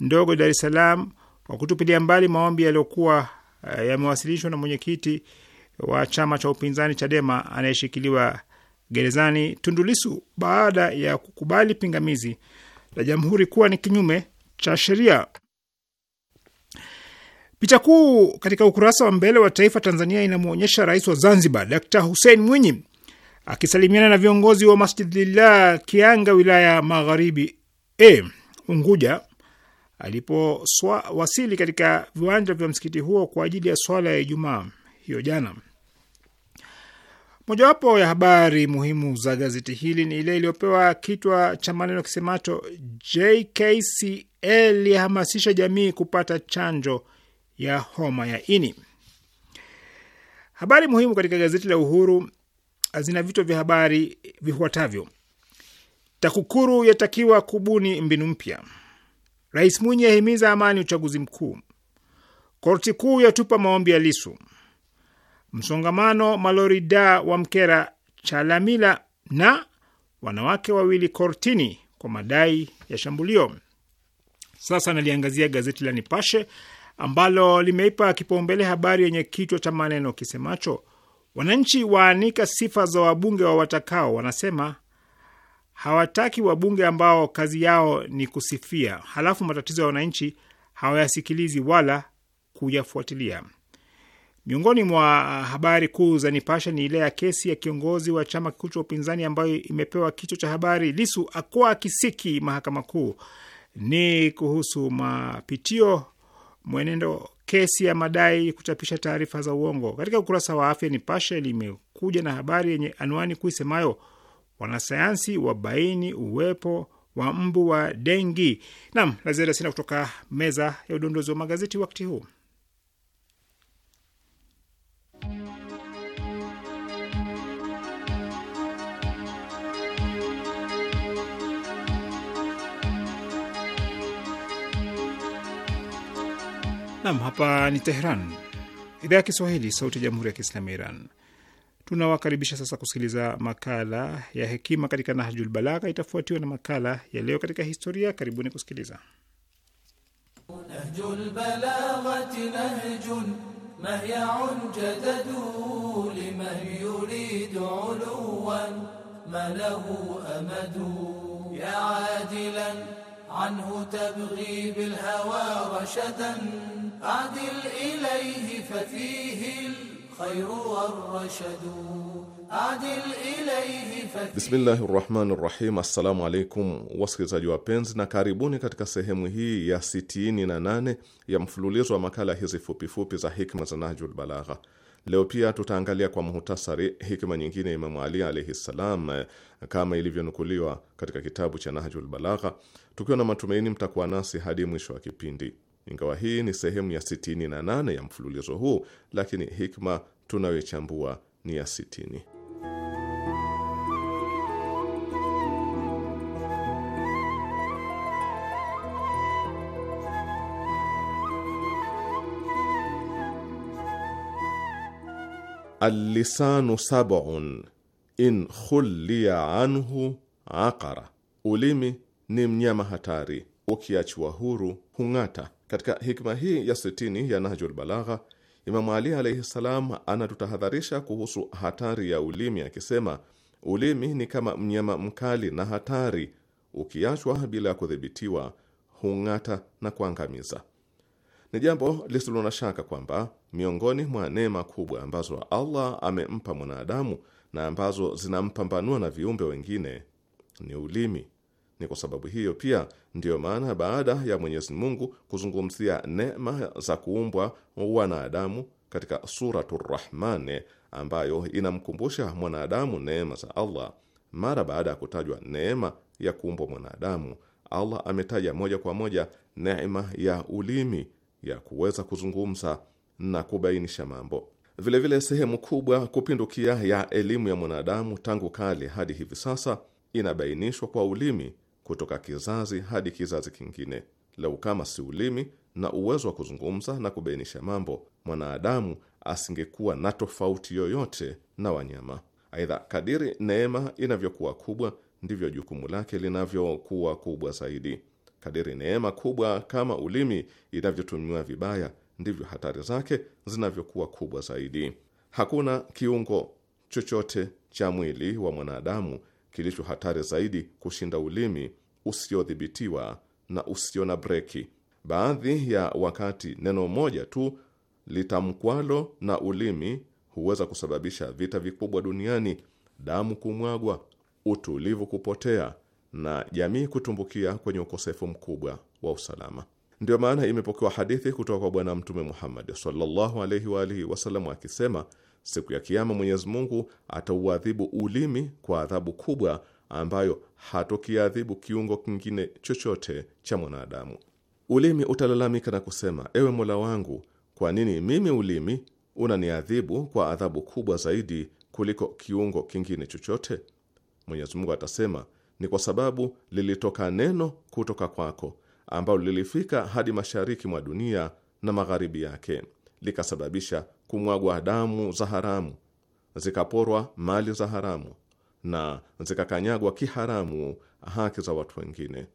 ndogo Dar es Salaam wa kutupilia mbali maombi yaliyokuwa uh, yamewasilishwa na mwenyekiti wa chama cha upinzani Chadema anayeshikiliwa gerezani Tundulisu baada ya kukubali pingamizi la jamhuri kuwa ni kinyume cha sheria. Picha kuu katika ukurasa wa mbele wa Taifa Tanzania inamwonyesha rais wa Zanzibar Dkt. Hussein Mwinyi akisalimiana na viongozi wa Masjidillah Kianga, wilaya ya Magharibi e, Unguja, alipowasili katika viwanja vya msikiti huo kwa ajili ya swala ya Ijumaa hiyo jana. Mojawapo ya habari muhimu za gazeti hili ni ile iliyopewa kichwa cha maneno kisemacho JKCL yahamasisha jamii kupata chanjo ya homa ya ini. Habari muhimu katika gazeti la Uhuru zina vichwa vya habari vifuatavyo: TAKUKURU yatakiwa kubuni mbinu mpya, Rais Mwinyi ahimiza amani uchaguzi mkuu, korti kuu yatupa maombi ya Lisu, msongamano malori da wa mkera Chalamila na wanawake wawili kortini kwa madai ya shambulio. Sasa naliangazia gazeti la Nipashe ambalo limeipa kipaumbele habari yenye kichwa cha maneno kisemacho wananchi waanika sifa za wabunge wa watakao. Wanasema hawataki wabunge ambao kazi yao ni kusifia, halafu matatizo ya wananchi hawayasikilizi wala kuyafuatilia. Miongoni mwa ah, habari kuu za nipasha ni ile ya kesi ya kiongozi wa chama kikuu cha upinzani ambayo imepewa kichwa cha habari Lisu akuwa akisiki mahakama kuu. Ni kuhusu mapitio mwenendo kesi ya madai kuchapisha taarifa za uongo. Katika ukurasa wa afya, nipasha limekuja na habari yenye anwani kuu isemayo wanasayansi wabaini uwepo wa mbu wa dengi. Nam la ziada sina kutoka meza ya udondozi wa magazeti wakati huu. Nam, hapa ni Teheran, idhaa ya Kiswahili, sauti ya jamhuri ya kiislamu ya Iran. Tunawakaribisha sasa kusikiliza makala ya hekima katika Nahjul Balagha, itafuatiwa na makala ya leo katika historia. Karibuni kusikiliza Nahjul nahjun mahyaun jadadu liman yuridu uluwan amadu ya adilan عنه تبغي بالهوى رشدا أعدل إليه ففيه الخير والرشد Bismillahi rahmani rahim. Assalamu alaikum wasikilizaji wapenzi, na karibuni katika sehemu hii ya 68 ya mfululizo wa makala hizi fupifupi za hikma za Nahjul Balagha. Leo pia tutaangalia kwa muhtasari hikma nyingine ya Imamu Ali alaihi ssalam kama ilivyonukuliwa katika kitabu cha Nahjul Balagha, tukiwa na matumaini mtakuwa nasi hadi mwisho wa kipindi. Ingawa hii ni sehemu ya 68 ya mfululizo huu, lakini hikma tunayochambua ni ya 60 allisanu sabun in khulliya anhu aqara, ulimi ni mnyama hatari, ukiachiwa huru hung'ata. Katika hikma hii ya sitini ya Nahjul Balagha, Imamu Ali alaihi salam anatutahadharisha kuhusu hatari ya ulimi akisema, ulimi ni kama mnyama mkali na hatari, ukiachwa bila kudhibitiwa hung'ata na kuangamiza. Ni jambo lisilo na shaka kwamba miongoni mwa neema kubwa ambazo Allah amempa mwanadamu na ambazo zinampambanua na viumbe wengine ni ulimi. Ni kwa sababu hiyo pia ndiyo maana baada ya Mwenyezi Mungu kuzungumzia neema za kuumbwa wanadamu katika Suratu Rahman ambayo inamkumbusha mwanadamu neema za Allah, mara baada ya kutajwa neema ya kuumbwa mwanadamu, Allah ametaja moja kwa moja neema ya ulimi ya kuweza kuzungumza na kubainisha mambo. Vilevile vile sehemu kubwa kupindukia ya elimu ya mwanadamu tangu kale hadi hivi sasa inabainishwa kwa ulimi kutoka kizazi hadi kizazi kingine. Lau kama si ulimi na uwezo wa kuzungumza na kubainisha mambo, mwanadamu asingekuwa na tofauti yoyote na wanyama. Aidha, kadiri neema inavyokuwa kubwa ndivyo jukumu lake linavyokuwa kubwa zaidi. Kadiri neema kubwa kama ulimi inavyotumiwa vibaya, ndivyo hatari zake zinavyokuwa kubwa zaidi. Hakuna kiungo chochote cha mwili wa mwanadamu kilicho hatari zaidi kushinda ulimi usiodhibitiwa na usio na breki. Baadhi ya wakati neno moja tu litamkwalo na ulimi huweza kusababisha vita vikubwa duniani, damu kumwagwa, utulivu kupotea na jamii kutumbukia kwenye ukosefu mkubwa wa usalama. Ndiyo maana imepokewa hadithi kutoka kwa Bwana Mtume Muhammad sallallahu alaihi wa alihi wasallam akisema, siku ya Kiama Mwenyezi Mungu atauadhibu ulimi kwa adhabu kubwa ambayo hatokiadhibu kiungo kingine chochote cha mwanadamu. Ulimi utalalamika na kusema, ewe Mola wangu, kwa nini mimi ulimi unaniadhibu kwa adhabu kubwa zaidi kuliko kiungo kingine chochote? Mwenyezi Mungu atasema ni kwa sababu lilitoka neno kutoka kwako ambalo lilifika hadi mashariki mwa dunia na magharibi yake, likasababisha kumwagwa damu za haramu, zikaporwa mali za haramu na zikakanyagwa kiharamu haki za watu wengine.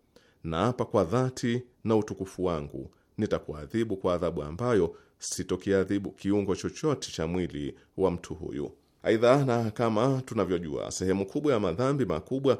Na hapa kwa dhati na utukufu wangu nitakuadhibu kwa adhabu ambayo sitokiadhibu kiungo chochote cha mwili wa mtu huyu. Aidha, na kama tunavyojua, sehemu kubwa ya madhambi makubwa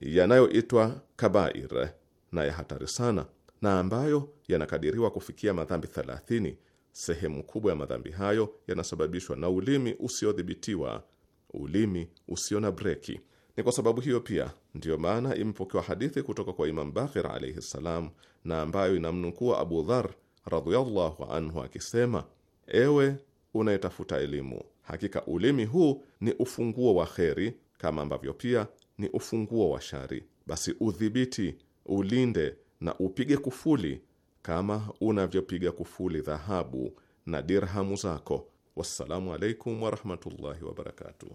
yanayoitwa kabair na ya hatari sana na ambayo yanakadiriwa kufikia madhambi 30. Sehemu kubwa ya madhambi hayo yanasababishwa na ulimi usiodhibitiwa, ulimi usio na breki. Ni kwa sababu hiyo pia ndiyo maana imepokewa hadithi kutoka kwa Imam Bakir alaihi ssalam, na ambayo inamnukua Abu Dhar radhiallahu anhu akisema, ewe unayetafuta elimu, hakika ulimi huu ni ufunguo wa kheri, kama ambavyo pia ni ufunguo wa shari. Basi udhibiti, ulinde na upige kufuli kama unavyopiga kufuli dhahabu na dirhamu zako. Wassalamu alaikum warahmatullahi wabarakatuh.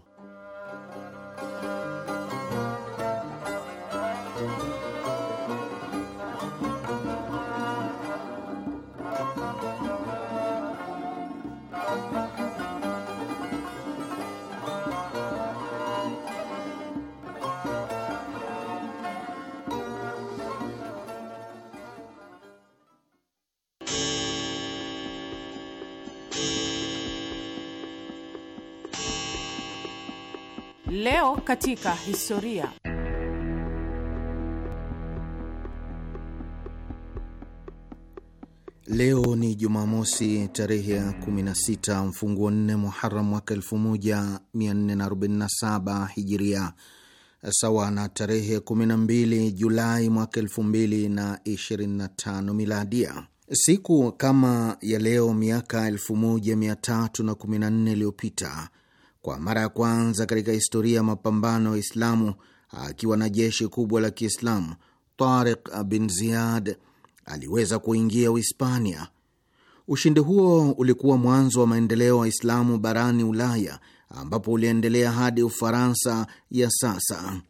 Leo katika historia. Leo ni Jumamosi tarehe ya 16 mfunguo nne Muharam mwaka 1447 Hijiria, sawa na tarehe 12 Julai mwaka 2025 Miladia. Siku kama ya leo miaka 1314 iliyopita kwa mara ya kwanza katika historia ya mapambano ya Islamu akiwa na jeshi kubwa la Kiislamu, Tariq bin Ziyad aliweza kuingia Uhispania. Ushindi huo ulikuwa mwanzo wa maendeleo ya Waislamu barani Ulaya, ambapo uliendelea hadi Ufaransa ya sasa.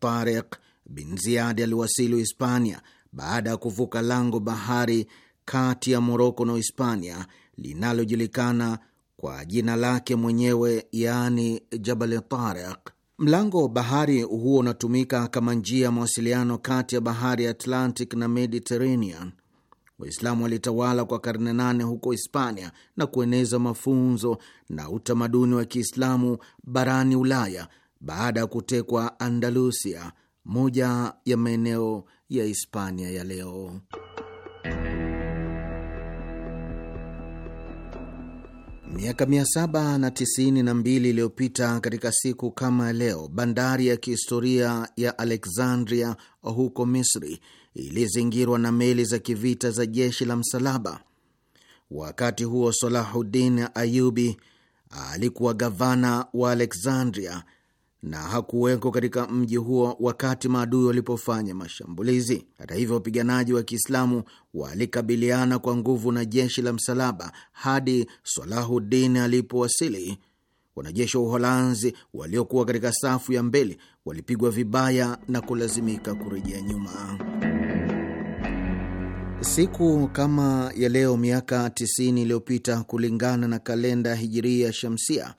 Tariq bin Ziyad aliwasili Uhispania baada ya kuvuka lango bahari kati ya Moroko na Uhispania linalojulikana kwa jina lake mwenyewe, yaani Jabal Tariq. Mlango wa bahari huo unatumika kama njia ya mawasiliano kati ya bahari ya Atlantic na Mediterranean. Waislamu walitawala kwa karne nane huko Hispania na kueneza mafunzo na utamaduni wa Kiislamu barani Ulaya baada ya kutekwa Andalusia, moja ya maeneo ya Hispania ya leo. Miaka 792 iliyopita katika siku kama leo, bandari ya kihistoria ya Alexandria huko Misri ilizingirwa na meli za kivita za jeshi la Msalaba. Wakati huo Salahuddin Ayubi alikuwa gavana wa Alexandria na hakuwekwa katika mji huo wakati maadui walipofanya mashambulizi. Hata hivyo, wapiganaji wa Kiislamu walikabiliana kwa nguvu na jeshi la msalaba hadi Salahuddin alipowasili. Wanajeshi wa Uholanzi waliokuwa katika safu ya mbele walipigwa vibaya na kulazimika kurejea nyuma. Siku kama ya leo miaka 90 iliyopita kulingana na kalenda hijiria shamsia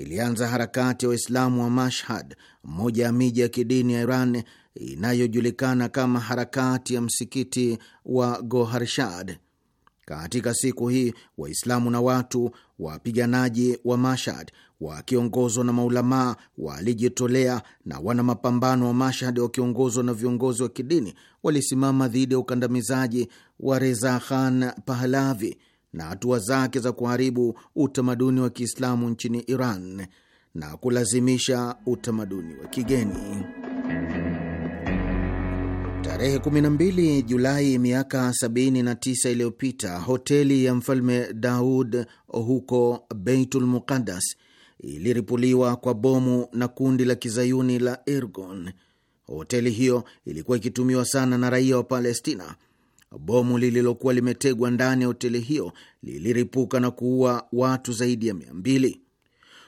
ilianza harakati ya wa Waislamu wa Mashhad, mmoja ya miji ya kidini ya Iran inayojulikana kama harakati ya msikiti wa Goharshad. Katika siku hii Waislamu na watu wapiganaji wa Mashhad wakiongozwa na maulamaa walijitolea na wana mapambano wa Mashhad wakiongozwa na viongozi wa kidini walisimama dhidi ya ukandamizaji wa Reza Khan Pahlavi na hatua zake za kuharibu utamaduni wa Kiislamu nchini Iran na kulazimisha utamaduni wa kigeni. Tarehe 12 Julai miaka 79 iliyopita, hoteli ya mfalme Daud huko Beitul Muqaddas iliripuliwa kwa bomu na kundi la kizayuni la Irgun. Hoteli hiyo ilikuwa ikitumiwa sana na raia wa Palestina Bomu lililokuwa limetegwa ndani ya hoteli hiyo liliripuka na kuua watu zaidi ya mia mbili.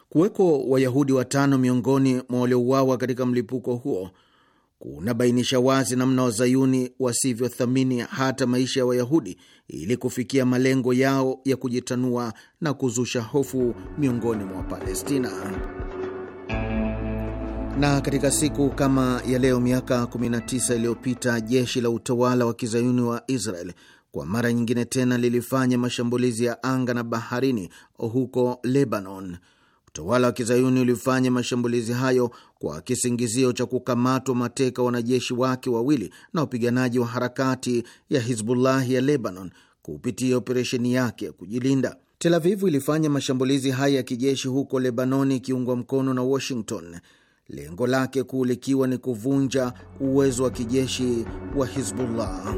Kuweko Wayahudi watano miongoni mwa waliouawa katika mlipuko huo kunabainisha wazi namna Wazayuni wasivyothamini hata maisha ya Wayahudi ili kufikia malengo yao ya kujitanua na kuzusha hofu miongoni mwa Wapalestina. Na katika siku kama ya leo miaka 19 iliyopita jeshi la utawala wa kizayuni wa Israel kwa mara nyingine tena lilifanya mashambulizi ya anga na baharini huko Lebanon. Utawala wa kizayuni ulifanya mashambulizi hayo kwa kisingizio cha kukamatwa mateka wanajeshi wake wawili na wapiganaji wa harakati ya Hizbullah ya Lebanon kupitia operesheni yake ya kujilinda. Tel Avivu ilifanya mashambulizi haya ya kijeshi huko Lebanoni ikiungwa mkono na Washington lengo lake kuu likiwa ni kuvunja uwezo wa kijeshi wa Hizbullah.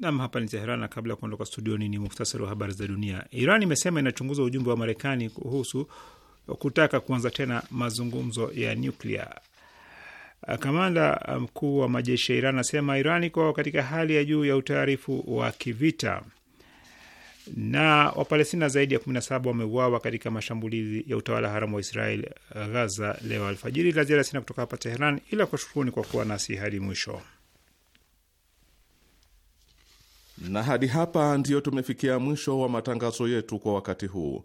Nam, hapa ni Teheran, na kabla ya kuondoka studioni ni muhtasari wa habari za dunia. Iran imesema inachunguza ujumbe wa Marekani kuhusu kutaka kuanza tena mazungumzo ya nyuklia. Uh, kamanda uh, mkuu wa majeshi ya Iran anasema Iran iko katika hali ya juu ya utaarifu wa kivita. Na Wapalestina zaidi ya 17 wameuawa katika mashambulizi ya utawala haramu wa Israel uh, Gaza leo alfajiri. La ziada sina kutoka hapa Teheran, ila kuwashukuruni kwa kuwa nasi hadi mwisho. Na hadi hapa ndiyo tumefikia mwisho wa matangazo yetu kwa wakati huu.